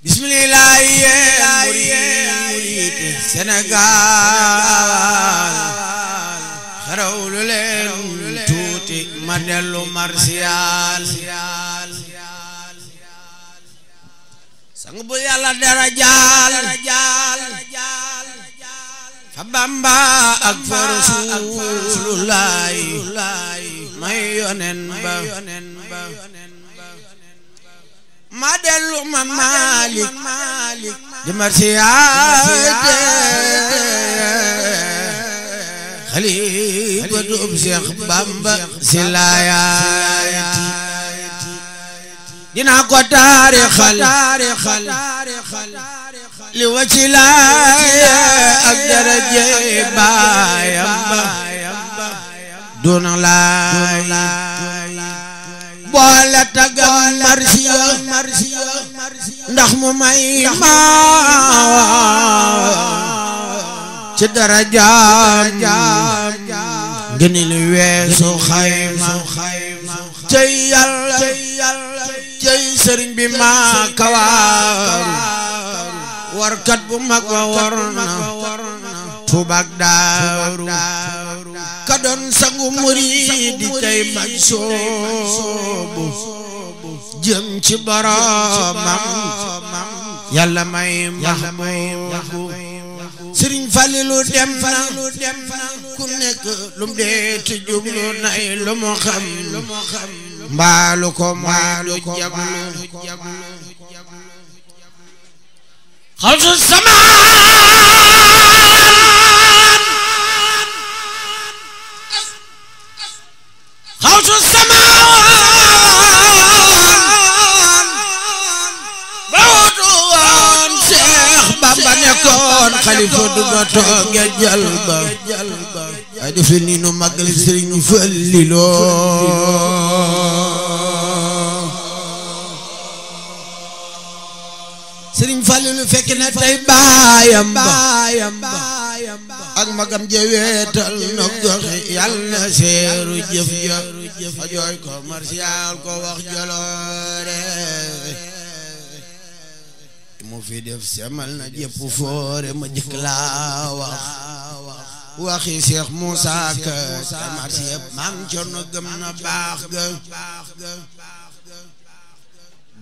bismillah yéen Sénégal xarawlu leen tuuti ma dellu marsiyaal sang bu yàlla bamba ak fa rasulullaay may yonen ba ma dellu ma Malick di ma siyaate xalifatub Seex Bamba si laayaati dina ko taarixal li wa ci laaya ak daraje baayam ba duna laay boole tag marsiya ndax mu may ma ci darajaam gëni lu weesu xayma cey yàlla cey sëriñ bi maa kawaar warkat bu mag wa war na fu bag daaru sangu muridi tey mag soobu jëm ci boroomam yàlla may mahbubu sëriñ Falilu dem na ku nekk lu mu dee ti jublu nay lu mu xam mbaalu ko mbaalu jablu xalsu sama liloo sëriñ Falilu fekk na tey baayam baayam ak magam jeweetal na joxe yàlla na seeru jëf ja fa jooy ko marsiyaal ko wax jaloore mu fi def semal na jëpp foore ma jëkk laa wax waxi Cheikh Moussa Ka tamar si yëpp maam Cerno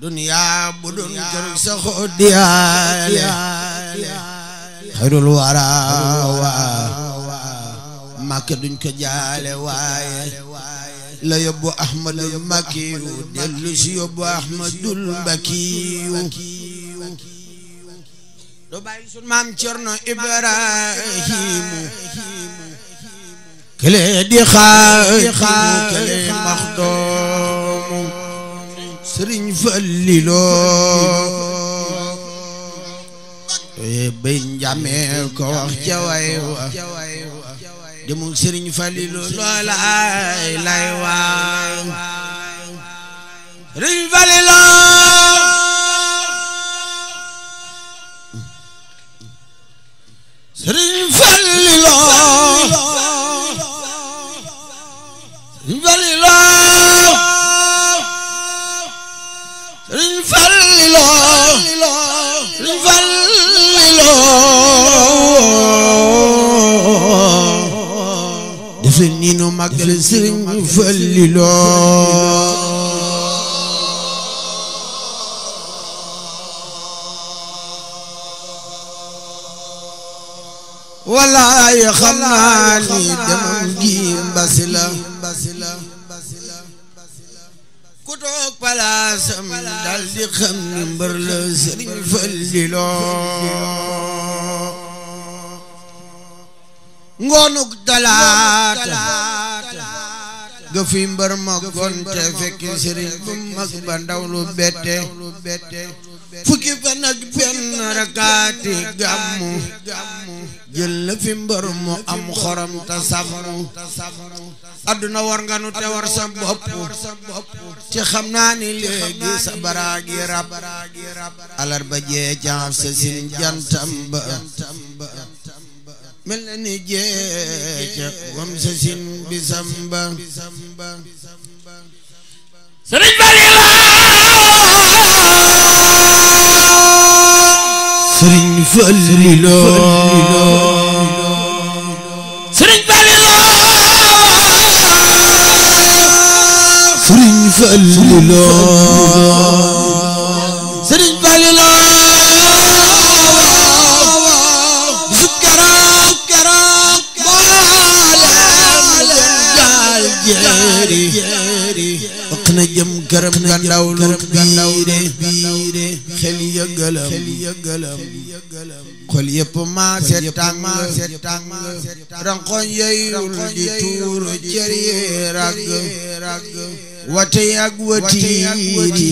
duniyaa bu doon kër diyaale xayrul waraawa màkk duñ ko jaale waaye la yóbbu Ahmadul Makiyu dellu si yóbbu Ahmadul Bakiyu du bàyyi sun maam Cerno Ibrahimu kële di xaajimu kële Falliloo eh, bay wax ca way wa demu Falliloo loolaay lay waaw sëriñ Falliloo sëriñ Fallilu sëriñ Fallilu sëriñ Fallilu sëriñ Fallilu defe ni nu màggal wallaay xam naa ni demam gi mbasi la ku toog palaasam dal xam ni mbër la sëriñ Falliloo ngoonuk talaata ga fi mbër ma gonte fekk sëriñ bu mag ba lu bette fukki fan ak na rakaati gàmmu jël la fi mbër mu am xorom te saf mu adduna war nga nu te war sa bopp ci xam naa ni léegi sa rab alarba jee caaf sa sin jantam ba ni jeeca wam sa sin bisam Bari la sëriñ Fallilu sëriñ Fallilu sëriñ Fallilu gërëm gërëm gandaw lu biire xel ya gëlëm xol yëpp maase tàng rankoñ di tuuru cër yi wate ak watiiri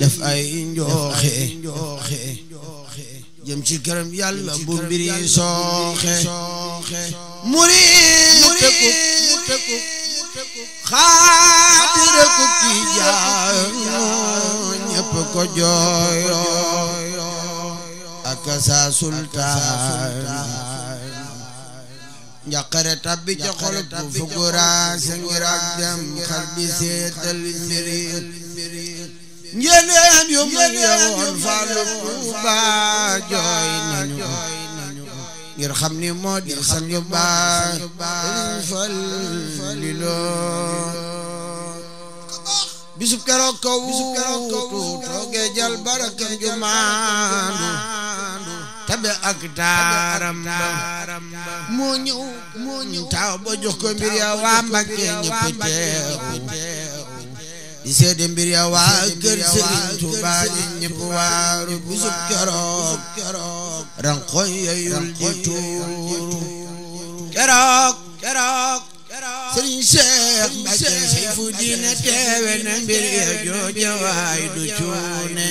def ay njooxe jëm ci gërëm yàlla bu mbiri sooxe murit xaatira ku tiijaan ñépp ko jooyo aka saa sultaan njaqare tabbi ca xol bu fugura sa ngir ak dem xal bi seetal mbiri njëleem yu mu yewoon faalu Tuuba jooy nañu ngir xam ni moo di sang baa fal li loo bisub keroog ko wuutu toogee jal barakam ju maandu tabe ak taaram ba moo ñëw moo ñëw taaw ba jox ko mbir ya waa Mbakke ñëpp teew di seede mbir ya waa kër Serigne Touba di ñëpp waaru busub keroog rankoñ yayul di tuuru keroog keroog Serigne Cheikh Mbacké Seyfu dina teewe na mbir ya jooja waay du cuune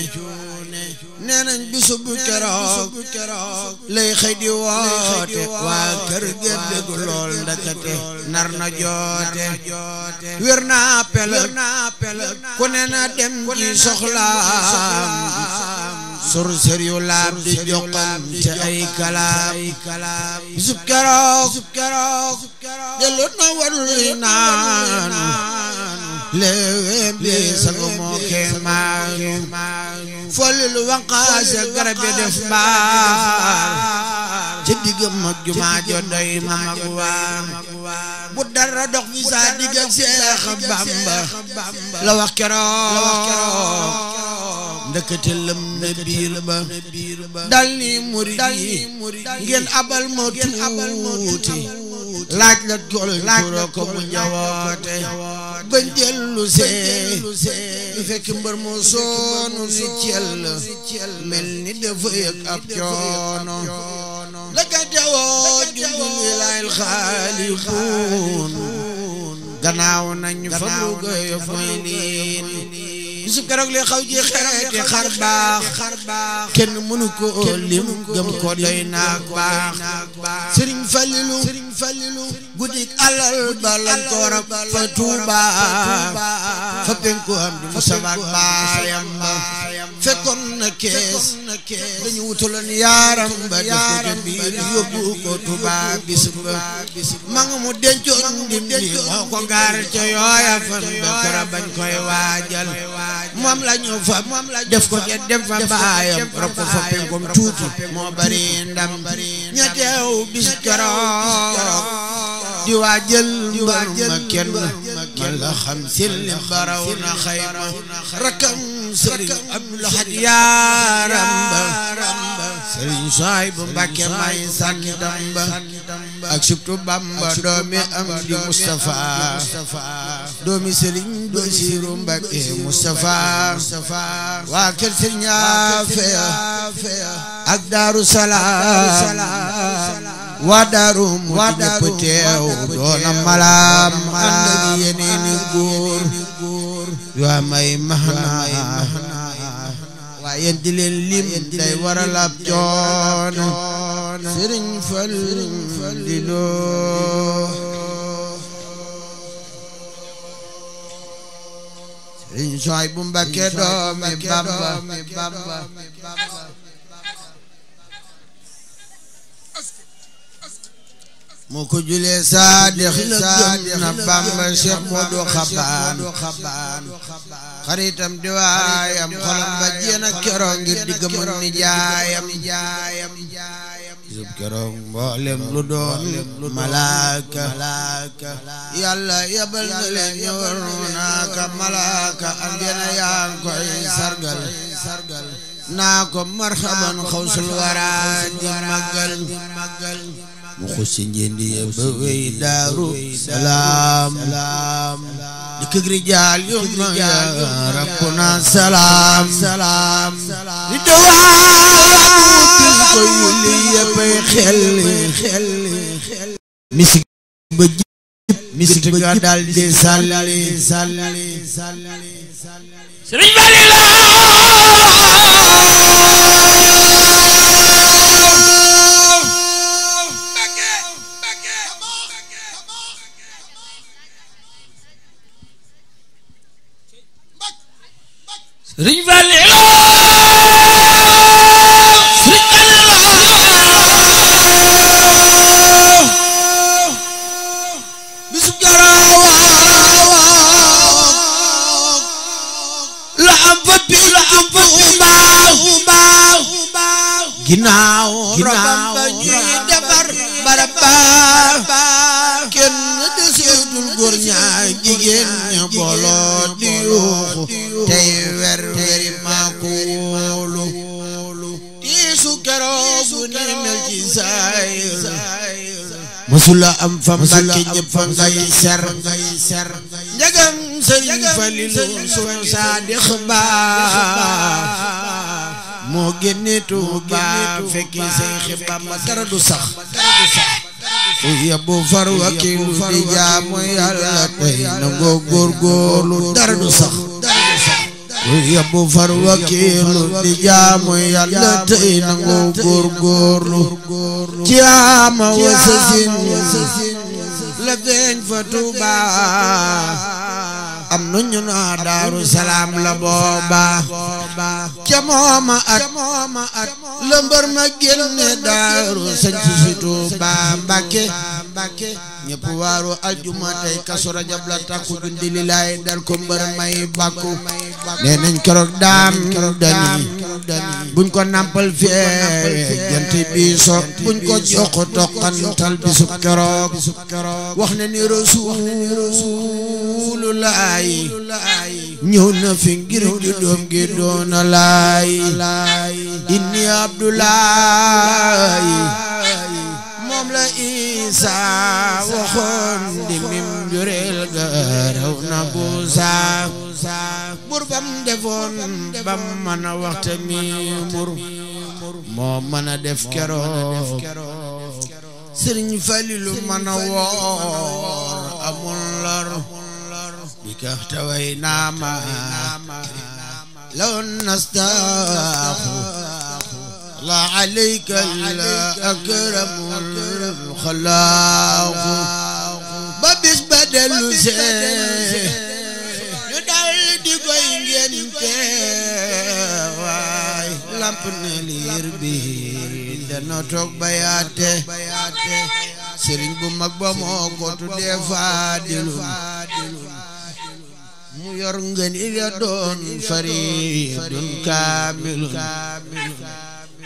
nee nañ bisub keroog lay xëy di woote waa kër gi déggu lool ndakate nar na joote wér na appel ku ne dem ci soxlaam sur yu laab di joxan ci ay kalaam bisub keroog dellu na warul naan léewéem bi sangu moo kee folil wanqaas ak garab yi def baar ci diggam ak jumaa jo bu dara dox fi saa digg ak Bamba la wax keroog ndëkkate lëm ne biir ba dal ni murid ngeen abal ma tuuti laaj la jol laaj la ko mu bañ dellu see ñu fekk mbër mu soonu ni cell mel ni dafa yëg ab coono la gàjjawoo jundum wilaayil xaalikuun gannaaw nañ fa mu gëyof mooy niin bisub keroog li xaw ji xeeti xar baax kenn mënu ko lim gëm ko doy naag baax Sëriñ Falilu falilu guddik alal balal koram fa tuuba fa penku am di musamak baayam ba fekkoon na kees dañu wutuloon yaaram ba def ko ca biir yóbbu ko tuuba ma nga mu dencoon dimbi moo ko gaar ca yooya fan ba kara koy waajal moom la fa def ko ca fa baayam rob ko fa penkum moo bari ndam ña di waajal mbër ma kenn man la xam silli baraw na xayma rakam sëriñ Abdul Ahad yaaram ba sëriñ saay bu Mbàkke may sànni damba ak subtu Bamba doomi am di Moustapha doomi sëriñ Basiru Mbàkke Moustapha waa kër sëriñ Afia ak Daaru Salaam wadarum wadaru teew doona malaam ànd ak yeneeni góor yu amay maxna waaye di leen lim day waral ab coono sëriñ fal di loo sëriñ sooy bu mbakke doomi Bamba moo ko saadix saadix na bamba cheikh moodu xabaan xaritam di waayam xolam ba jéen keroog ngir digg ni jaayam sub keroog mboolem lu doon malaaka yàlla yabal na leen ñu malaaka am jana yaa ngi sargal naa ko marhaban xawsul waraa mu xusi njëndi ya ba wey daaru salaam dikk rijaal yu ma rabbuna salaam salaam li dawaat ko yulli yëppay xel misik ba jib misik ba dal di sàllali sàllali sàllali sàllali sàllali sëriñ Fallu sëriñ Fallu bisu garaaw la am fa bi la am fa mbaaw mbaaw ginnaaw ginaaw ba ñuy defar barab musula am fa mbàkke ñëpp ngay ser njagam sëriñ Falilu su saadix ba moo génne Tuuba fekki say xiba ma dara du sax fu yebbu far wakilu di jaamu yàlla tey na ngoo góorgóorlu dara du sax yóbbu far wakiilu di jaamu yàlla tey nangu góorgóorlu ci ama wasasin la feeñ fa Tuuba am nu naa daaru la booba ca mooma at la mbër ma génne daaru sañ si ñëpp waaru aljuma tey kasu rajab la takku jundi lilaay dal ko mbër may bàkku nee keroog daam dani buñ ko nampal fee jant bi so buñ ko jox toqantal bisu keroog wax na ni rasuulu laay ñëw na fi ngir ju doom gi doona laay inni abdulaay Isa waxoon di mim na buusa mën a waxta mi mur moo mën a def keroog Sëriñ Falilu mën la akramul xalaaxu ba bis ba dellu see ñu dal di koy ngeen teewaay lamp ne liir bi dana toog ba bu mag ba moo ko tuddee faadilum mu yor ngeen ya doon faridun kaamilun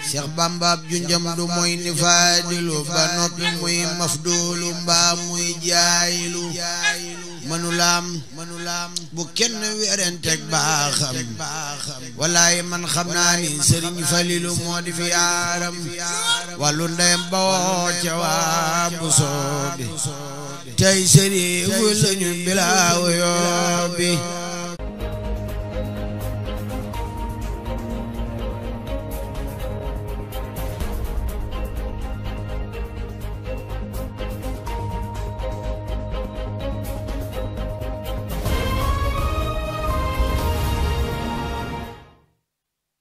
Cheikh Bamba junjam du mooy ni faadilu ba noppi muy mafdoolu mbaa muy jaayilu mënulaam mënulaam bu kenn werenteeg baaxam walaay man xam naa ni sëriñ Falilu moo di fi yaaram wàllu ndeyam ba woo waa bu soobi tey sëriñ fu lañu bilaaw yoo bi